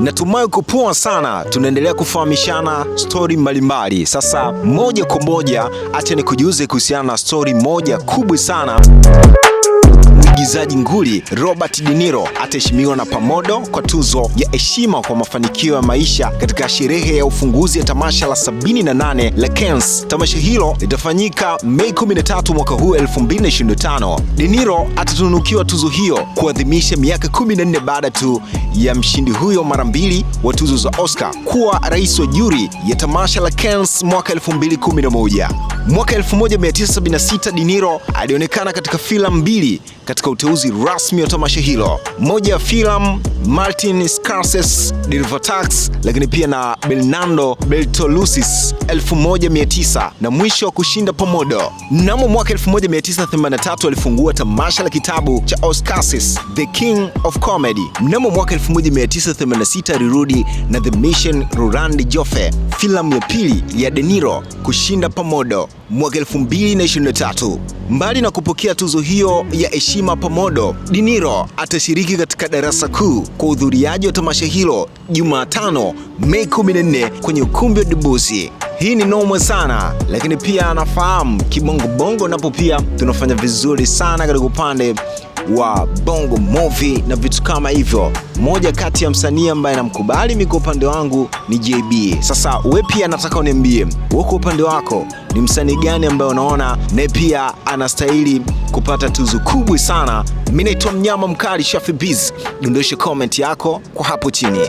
Natumai kupoa sana, tunaendelea kufahamishana stori mbalimbali. Sasa moja kwa moja, acha nikujuze kuhusiana na stori moja kubwa sana mwigizaji nguli Robert De Niro ataheshimiwa na Pamodo kwa tuzo ya heshima kwa mafanikio ya maisha katika sherehe ya ufunguzi ya tamasha la 78 la Cannes. Tamasha hilo litafanyika Mei 13 mwaka huu 2025. De Niro atatunukiwa tuzo hiyo kuadhimisha miaka 14 baada tu ya mshindi huyo mara mbili wa tuzo za Oscar kuwa rais wa juri ya tamasha la Cannes mwaka 2011. Mwaka 1976 De Niro alionekana katika filamu mbili katika uteuzi rasmi wa tamasha hilo. Moja ya filamu Martin Scorsese Tax, lakini pia na Bernardo Bertolucci 1900 na mwisho wa kushinda Pomodo. Mnamo mwaka 1983 alifungua tamasha la kitabu cha Scorsese The King of Comedy. Mnamo mwaka 1986 alirudi na The Mission rurandi Joffe, filamu ya pili ya De Niro kushinda Pomodo. Mwaka 2023 Mbali na kupokea tuzo hiyo ya heshima Pamodo, De Niro atashiriki katika darasa kuu kwa udhuriaji wa tamasha hilo Jumatano, Mei 14 kwenye ukumbi wa Dubusi. Hii ni nomwe sana, lakini pia anafahamu kibongobongo, napo pia tunafanya vizuri sana katika upande wa bongo movie na vitu kama hivyo. Moja kati ya msanii ambaye namkubali mi kwa upande wangu ni JB. Sasa we pia nataka uniambie wewe kwa upande wako ni msanii gani ambaye unaona naye pia anastahili kupata tuzo kubwa sana? Mi naitwa mnyama mkali Shafi Biz, dondoshe comment yako kwa hapo chini.